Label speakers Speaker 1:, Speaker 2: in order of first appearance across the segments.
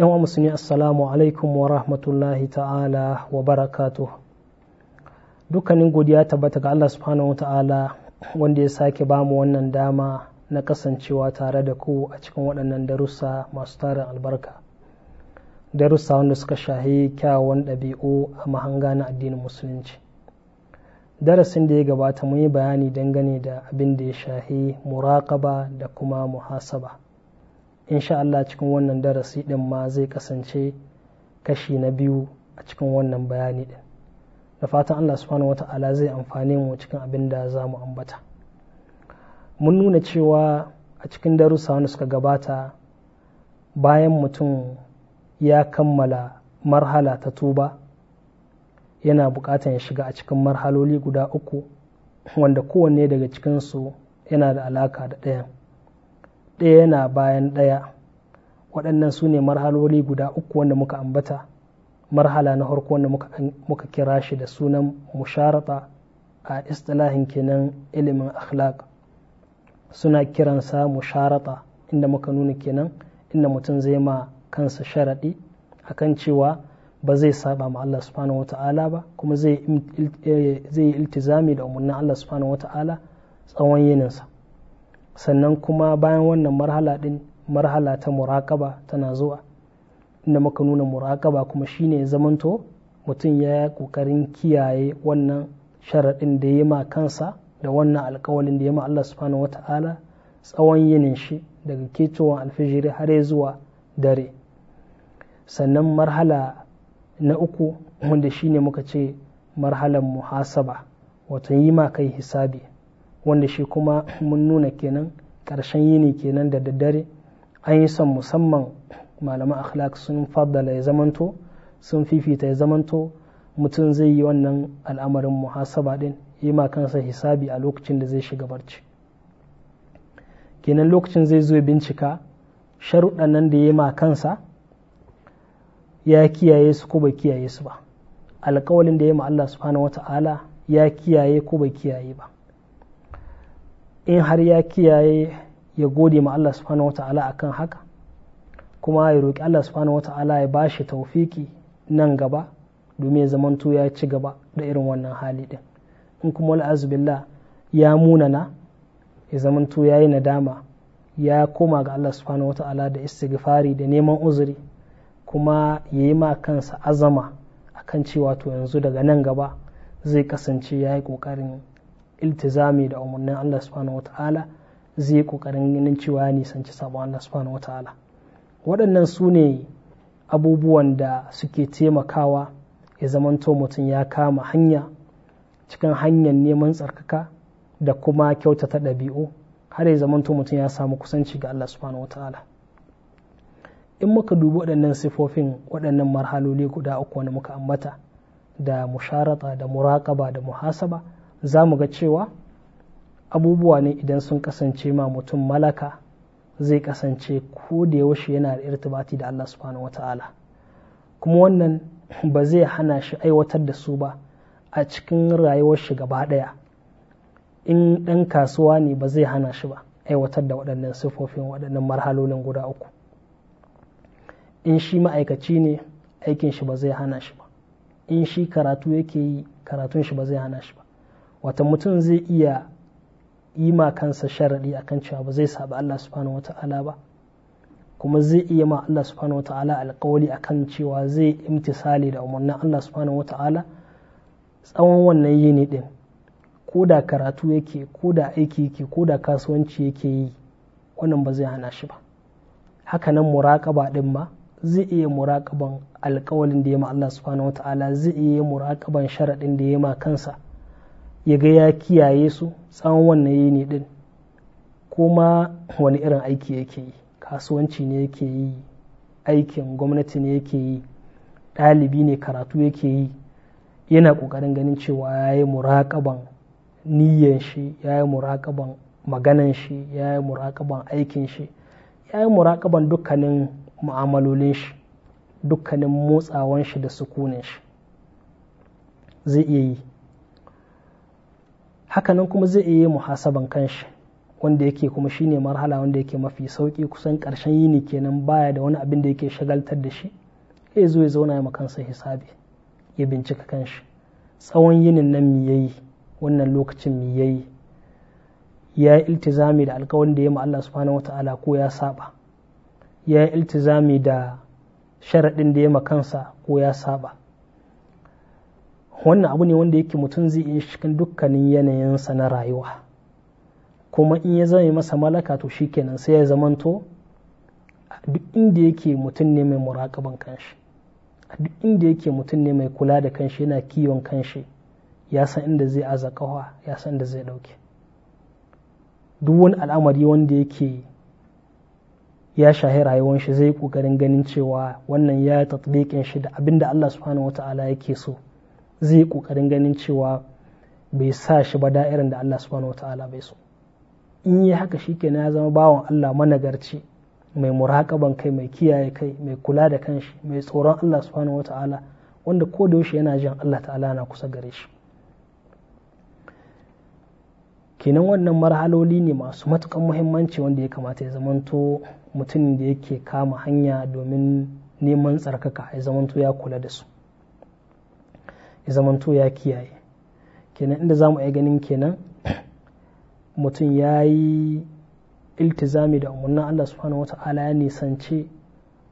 Speaker 1: yan musulmi assalamu alaikum wa rahmatullahi ta'ala wa barakatu dukkanin godiya tabbata ga Allah subhanahu wa ta'ala wanda ya sake bamu wannan dama na kasancewa tare da ku a cikin waɗannan darussa masu tarin albarka darussa wanda suka shahi kyawawan ɗabi'u a mahanga na addinin musulunci darasin da ya gabata mun yi bayani dangane da abin da ya shahi muraƙaba da kuma muhasaba insha Allah cikin wannan darasi din ma zai kasance kashi na biyu a cikin wannan bayani din da fatan Allah subhanahu ta'ala zai amfane mu cikin abin da za mu ambata mun nuna cewa a cikin darussa wanda suka gabata bayan mutum ya kammala marhala ta tuba yana bukatan ya shiga a cikin marhaloli guda uku wanda kowanne daga cikinsu yana da alaka da ɗayan ɗaya yana bayan ɗaya waɗannan su ne marhaloli guda uku wanda muka ambata marhala na harko wanda muka kira shi da sunan musharata a istilahin kenan ilimin akhlaq suna kiransa musharata inda muka nuna kenan inda mutum zai ma kansa sharaɗi a kan cewa ba zai saba ma Allah subhanahu wa ta'ala ba kuma zai eh, yi iltizami da umarnin Allah subhanahu wa ta'ala tsawon yininsa sannan kuma bayan wannan marhala din marhala ta muraƙaba tana zuwa inda muka nuna muraƙaba kuma shine zamanto mutum ya yi ƙoƙarin kiyaye wannan sharaɗin da ya ma kansa da wannan alkawalin da ya ma Allah subhanahu wata'ala tsawon yinin shi daga kecewan alfijiri har zuwa dare sannan marhala na uku wanda shine muka ce marhalar muhasaba wato yi ma kai hisabi wanda shi kuma mun nuna kenan ƙarshen yini kenan da daddare an yi son musamman malaman akhlaq sun faddala ya zamanto sun fifita ya zamanto mutum zai yi wannan al'amarin muhasaba din yi ma kansa hisabi a lokacin da zai shiga barci kenan lokacin zai zo bincika sharuɗan nan da ya ma kansa ya kiyaye su ko bai kiyaye su ba alƙawalin da ya ma Allah subhanahu wata'ala ya kiyaye ko ba kiyaye ba in har ya kiyaye ya gode ma Allah subhanahu wa ta'ala akan haka kuma ya roƙi Allah subhanahu wa ta'ala ya ba shi taufiki nan gaba domin ya zamanto ya ci gaba da irin wannan hali din in kuma al'azubillah ya munana ya zamanto ya yi nadama ya koma ga Allah subhanahu wa ta'ala da istighfari da neman uzuri kuma ya yi ma kansa azama akan cewa to yanzu daga nan gaba zai kasance ya yi ƙoƙarin iltizami da umarnin Allah subhanahu ta'ala zai yi kokarin ganin cewa ya nisanci sabon Allah subhanahu ta'ala waɗannan su ne abubuwan da suke taimakawa ya zamanto mutum ya kama hanya cikin hanyar neman tsarkaka da kuma kyautata ɗabi'u har ya zamanto mutum ya samu kusanci ga Allah subhanahu ta'ala in muka dubi waɗannan sifofin waɗannan marhaloli guda uku wanda muka ambata da musharata da muraƙaba da muhasaba za mu ga cewa abubuwa ne idan sun kasance ma mutum malaka zai kasance ko da yaushe yana da irtibati da Allah subhanahu wata'ala kuma wannan ba zai hana shi aiwatar da su ba a cikin rayuwar shi gaba ɗaya in ɗan kasuwa ne ba zai hana shi ba aiwatar da waɗannan siffofin waɗannan marhalolin guda uku in shi ma'aikaci ne aikin shi ba zai hana shi ba in shi karatu yake yi karatun shi ba zai hana shi ba wata mutum zai iya yi ma kansa sharaɗi akan cewa ba zai saba Allah subhanahu wata'ala ba kuma zai iya ma Allah subhanahu wata'ala alƙawali akan cewa zai imtisali da umarnin Allah subhanahu wata'ala tsawon wannan yini ɗin ko da karatu yake ko da aiki yake ko da kasuwanci yake yi wannan ba zai hana shi ba Haka nan muraƙaba ɗin ma zai iya muraƙaban alƙawalin da ya ma Allah subhanahu wata'ala zai iya muraƙaban sharaɗin da ya ma kansa ya ga ya kiyaye su tsawon wannan yini din kuma wani irin aiki yake yi kasuwanci ne yake yi aikin gwamnati ne yake yi ɗalibi ne karatu yake yi yana ƙoƙarin ganin cewa ya yi muraƙaban niyyan shi ya yi muraƙaban maganan shi ya yi muraƙaban aikin shi ya yi muraƙaban dukkanin mu'amalolin shi dukkanin motsawan shi da sukunin shi zai iya yi hakanan kuma zai iya muhasaban kanshi wanda yake kuma shine marhala wanda yake mafi sauki kusan karshen yini kenan baya da wani abin da yake shagaltar da shi ya zo ya zauna ya makansa hisabi ya bincika kanshi tsawon yinin nan mi yayi wannan lokacin mi yayi ya yi iltizami da alkawarin da ya ma Allah subhanahu wata'ala ko ya saba ya yi iltizami da sharaɗin da ya ma kansa ko ya saba wannan abu ne wanda yake mutum zai iya cikin dukkanin yanayinsa na rayuwa kuma in ya zama masa malaka to shi kenan sai ya zamanto a duk inda yake mutum ne mai muraƙaban kanshi a duk inda yake mutum ne mai kula da kanshi yana kiwon kanshi ya san inda zai aza ƙawa ya san inda zai ɗauke duk wani al'amari wanda yake ya shahi rayuwar shi zai ƙoƙarin ganin cewa wannan ya tatbiƙin shi da abin da Allah subhanahu wata'ala yake so zai kokarin ganin cewa bai sa shi ba da'irin da Allah subhanahu wata'ala bai so in yi haka shi kenan ya zama bawan Allah managarci mai muraƙaban kai mai kiyaye kai mai kula da kanshi mai tsoron Allah subhanahu wata'ala wanda ko da yaushe yana jin Allah ta'ala na kusa gare shi kenan wannan marhaloli ne masu matukan muhimmanci wanda ya kamata ya zamanto mutumin da yake kama hanya domin neman tsarkaka ya zamanto ya kula da su ya zamanto ya kiyaye kenan inda za mu iya ganin kenan mutum ya yi iltizami da umarnin Allah subhanahu wata'ala ya nisance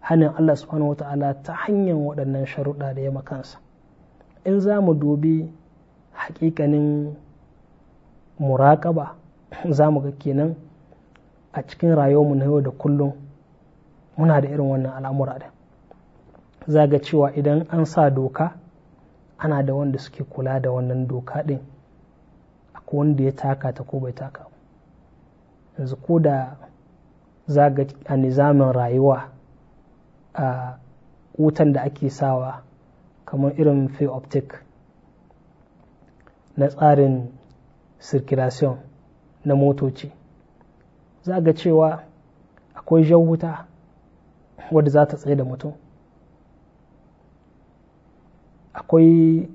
Speaker 1: hannun Allah subhanahu wata'ala ta hanyar waɗannan sharuɗa da ya makansa in za mu dubi hakikanin muraƙaba za mu ga kenan a cikin mu na yau da kullum muna da irin wannan al'amura da za ga cewa idan an sa doka ana da wanda suke kula da wannan doka ɗin akwai wanda ya taka ta ko bai taka yanzu ko da zaga a nizamin rayuwa a wutan da ake sawa kamar irin fi optic na tsarin circulation na motoci za ga cewa akwai jan wuta wadda za ta tsaye da mutum akwai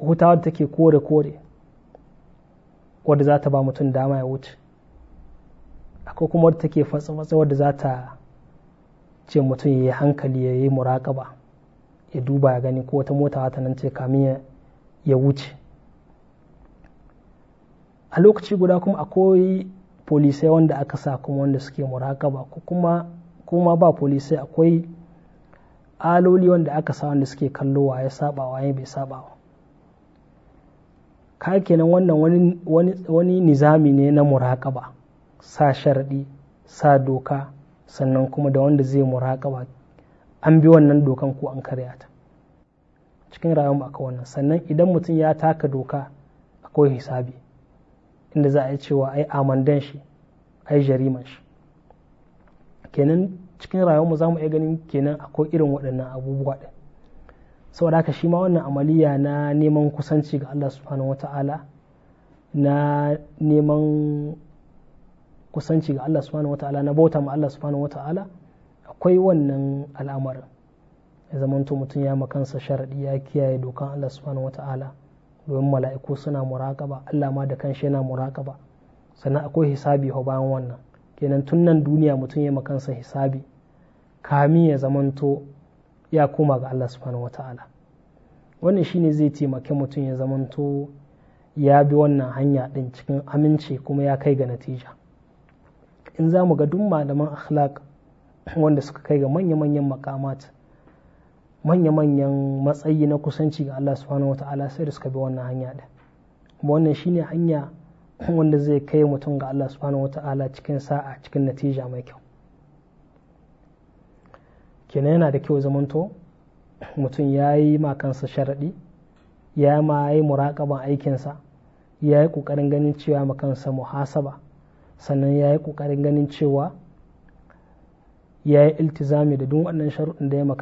Speaker 1: wuta wadda take kore-kore wadda za ta ba mutum dama ya wuce akwai kuma wadda take fatsa-fatsa wadda za ta ce mutum ya yi hankali ya yi muraƙaba ya duba ya gani ko wata mota wata nan ce kamin ya wuce a lokaci guda kuma akwai polisai wanda aka sa kuma wanda suke muraƙaba ko kuma ba polisai akwai aloli wanda aka sa wanda suke kallo wa ya saba ya bai saba wa ka kenan wannan wani, nizami ne na muraƙaba sa sharaɗi sa doka sannan kuma da wanda zai muraƙaba an bi wannan dokan ko an karya ta cikin rayuwar aka wannan sannan idan mutum ya taka doka akwai hisabi inda za a yi cewa ai amandan shi ai jariman shi kenan cikin rayuwarmu za mu iya ganin kenan akwai irin waɗannan abubuwa ɗin saboda haka shi ma wannan amaliya na neman kusanci ga Allah subhanahu wata'ala na neman kusanci ga Allah subhanahu wata'ala na bauta ma Allah subhanahu wata'ala akwai wannan al'amarin ya zamanto mutum ya makansa sharaɗi ya kiyaye dokan Allah subhanahu wata'ala domin mala'iku suna muraƙaba Allah ma da kanshi yana muraƙaba sannan akwai hisabi bayan wannan kenan tun nan duniya mutum ya makansa hisabi kamin ya zamanto ya koma ga Allah subhanahu ta'ala wannan shine zai taimake mutum ya zamanto ya bi wannan hanya din cikin aminci kuma ya kai ga natija in za mu ga duk malaman akhlaq wanda suka kai ga manya-manyan makamat manya-manyan matsayi na kusanci ga Allah subhanahu ta'ala sai da suka bi wannan hanya din wannan shine hanya wanda zai kai mutum ga Allah subhanahu ta'ala cikin sa'a cikin natija mai kyau kenan yana da kyau zamanto mutum ya yi ma sharaɗi ya ma yi muraƙaban aikinsa ya yi ƙoƙarin ganin cewa ma muhasaba sannan ya yi ƙoƙarin ganin cewa ya yi iltizami da duk waɗannan sharuɗin da ya ma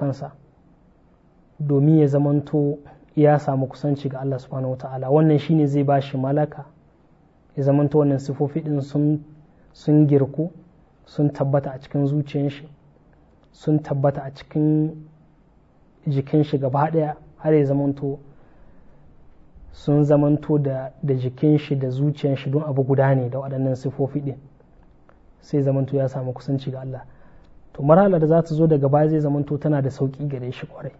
Speaker 1: domin ya zamanto ya samu kusanci ga Allah subhanahu ta'ala wannan shine zai ba shi malaka ya zamanto wannan sifofi din sun girku sun tabbata a cikin zuciyar shi sun tabbata a cikin jikin shi gaba daya har ya zamanto sun zamanto da jikin shi da zuciyar shi don abu guda ne da waɗannan sifofi din sai zamanto ya samu kusanci ga Allah to marhala da za ta zo daga baya zai zamanto tana da sauƙi gare shi kwarai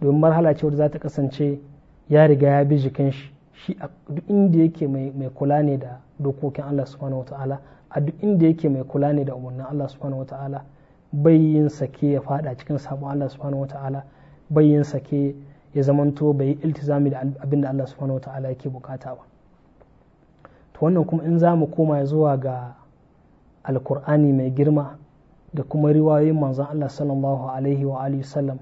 Speaker 1: domin marhala ce wadda za ta kasance ya riga ya bi jikin shi shi duk inda yake mai kula ne da dokokin Allah subhanahu ta'ala a duk inda yake mai kula ne da umarnin Allah subhanahu ta'ala bai yin sake ya fada cikin sabon Allah subhanahu ta'ala) bai yin sake ya zamanto bai yi iltizami da abin da Allah subhanahu ta'ala yake bukata ba to wannan kuma in za mu koma zuwa ga alkur'ani mai girma da kuma riwayoyin manzon Allah sallallahu alaihi wa alihi sallam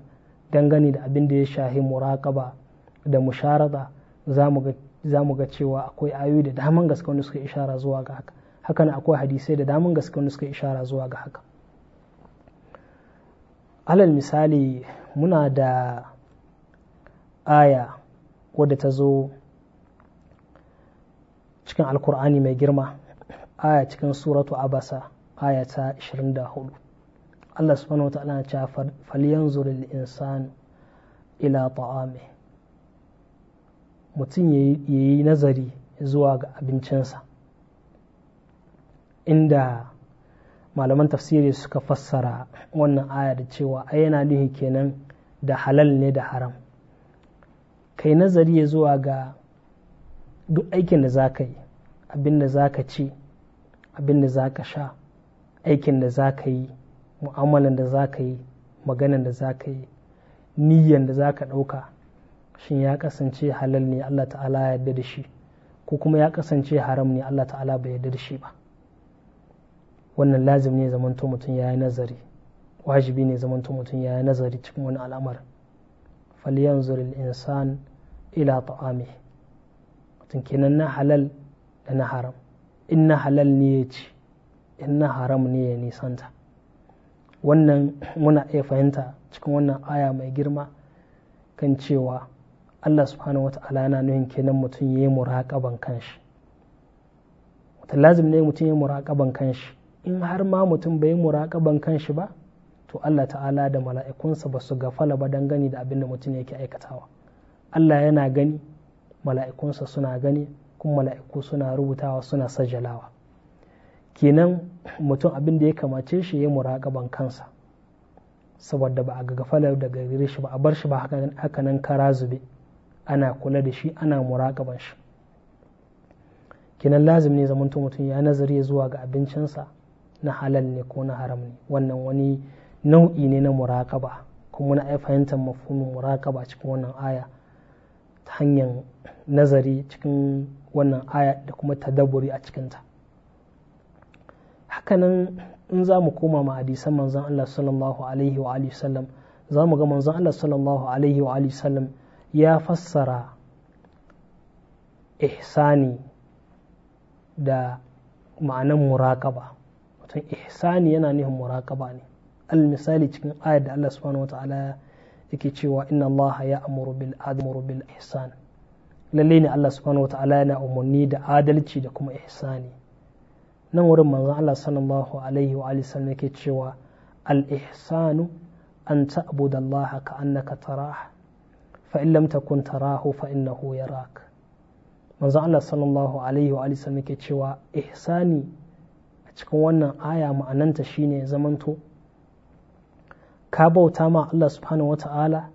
Speaker 1: dangane da abin da ya shahi muraqaba da musharada za mu ga cewa akwai ayoyi da daman gaske wanda suka ishara zuwa ga haka hakan akwai hadisai da daman gaske wanda suka ishara zuwa ga haka alal misali muna da aya wadda ta zo cikin alkur'ani mai girma aya cikin suratu abasa aya ta 24 Allah subhanahu wa ta'ala na ce zurin insanu ila ta'amihi mutum ya yi nazari zuwa ga abincinsa inda malaman tafsiri suka fassara wannan aya da cewa ai yana nuhi kenan da halal ne da haram kai nazari ya zuwa ga duk aikin da za ka yi abin da za ka ci abin da za ka sha aikin da za ka yi mu'amalan da za ka yi maganan da za ka yi niyyan da za ka ɗauka shin ya kasance halal ne Allah ta'ala ya yarda da shi ko kuma ya kasance haram ne Allah ta'ala bai yarda da shi ba wannan lazim ne zamanto mutum ya yi nazari wajibi ne zamanto mutum ya yi nazari cikin wani al'amar falyanzur insan ila ta'ami mutum kenan na halal da na haram in na halal ne ya ci in na haram ne ya nisanta wannan muna iya fahimta cikin wannan aya mai girma kan cewa Allah subhanahu wata'ala na nuhin kenan mutum ya yi muraƙaban kanshi wata lazim ne mutum ya yi muraƙaban kanshi in har ma mutum bai yi muraƙaban kanshi ba to Allah ta'ala da mala'ikunsa ba su gafala ba don gani da abin da mutum yake aikatawa Allah yana gani mala'ikunsa suna gani kuma mala'iku suna rubutawa suna sajalawa kenan mutum abin da ya kamace shi ya yi muraƙaban kansa saboda ba a gafalar daga gare shi ba a bar shi ba haka nan kara zube ana kula da shi ana muraƙaban shi kinan lazim ne zamanto mutum ya nazari zuwa ga abincinsa na halal ne ko na haram ne wannan wani nau'i ne na muraƙaba kuma na fahimtar mafhumin muraƙaba cikin wannan aya ta hanyar nazari cikin wannan aya da kuma tadabburi a cikinta hakanan in za mu koma ma hadisan manzon Allah sallallahu alaihi wa sallam za mu ga manzon Allah sallallahu alaihi wa sallam ya fassara ihsani da ma'anan muraƙaba mutum ihsani yana nufin muraƙaba ne misali cikin ayat da Allah subhanahu wata'ala yake cewa inna Allah ya amuru bil adamuru bil ihsan lalle ne Allah subhanahu wata'ala yana umarni da adalci da kuma ihsani nan wurin manzon Allah sallallahu alaihi wa alihi sallam yake cewa al ihsanu an ta'budallaha ka'annaka tarah fa in ta takun tarahu fa innahu manzo Allah sallallahu alaihi wa alisa muke cewa ihsani a cikin wannan aya ma'ananta shine zamanto ka bauta ma Allah subhanahu ta'ala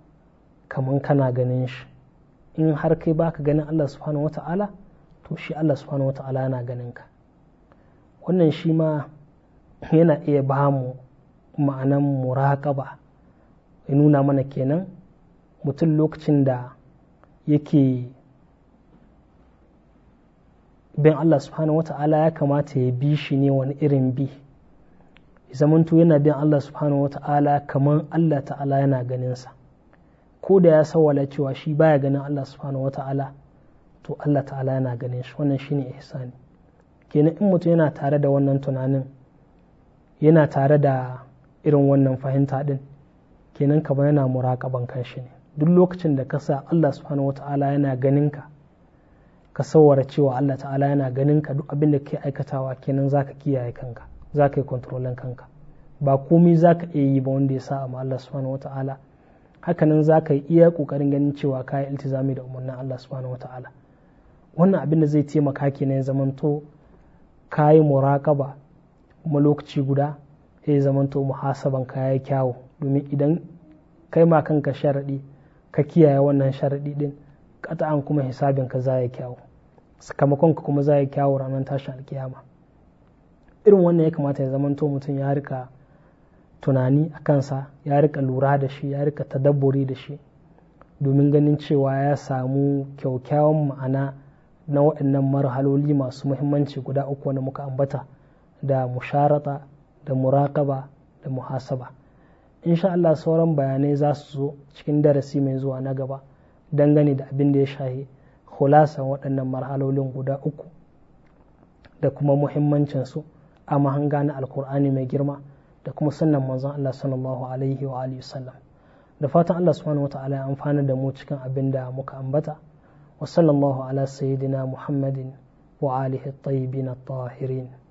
Speaker 1: kaman kana ganin shi in har kai baka ganin Allah subhanahu ta'ala to shi Allah subhanahu ta'ala yana ganin ka wannan shi ma yana iya ba mu ma'anan muraƙaba ya nuna mana kenan mutum lokacin da yake bin Allah subhanahu wa ta'ala ya kamata ya bi shi ne wani irin bi zamanto yana bin Allah subhanahu wa ta'ala kamar Allah ta'ala yana ganinsa ko da ya sawala cewa shi baya ganin Allah subhanahu wa ta'ala to Allah ta'ala yana ganin shi wannan shine ihsani kenan in mutum yana tare da wannan tunanin yana tare da irin wannan fahimta din kenan kamar yana muraƙaban shi ne duk lokacin da ka sa Allah subhanahu wa ta'ala yana ganinka ka saurara cewa Allah ta'ala yana ganin ka duk abin da ke aikatawa kenan za ka kiyaye kanka za ka yi kontrolin kanka ba komai za ka iya yi ba wanda ya sa amma Allah subhanahu wa ta'ala hakanan za ka yi iya kokarin ganin cewa ka yi iltizami da umarnin Allah subhanahu wa ta'ala wannan abin da zai taimaka kenan ya zamanto ka yi muraƙaba kuma lokaci guda ya zamanto muhasaban ka ya kyawu domin idan kai ma kanka sharaɗi ka kiyaye wannan sharaɗi ɗin an kuma hisabin ka za ya kyawu sakamakon ka kuma za ya kyawu ranar tashin alkiyama irin wannan ya kamata ya zamanto mutum ya rika tunani a kansa ya rika lura da shi ya rika tadabburi da shi domin ganin cewa ya samu kyaukyawan ma'ana na waɗannan marhaloli masu muhimmanci guda uku wanda muka ambata da musharata da muraƙaba da muhasaba insha Allah sauran bayanai za su zo cikin darasi mai zuwa na gaba dangane da abin da ya shahi hulasan waɗannan marhalolin guda uku da kuma muhimmancinsu a mahanga na alkur'ani mai girma da kuma sannan manzon Allah sallallahu alaihi wa alihi sallam da fatan Allah subhanahu wa ta'ala ya amfana da mu cikin abin da muka ambata wa sallallahu ala sayyidina muhammadin wa alihi at-tayyibin tahirin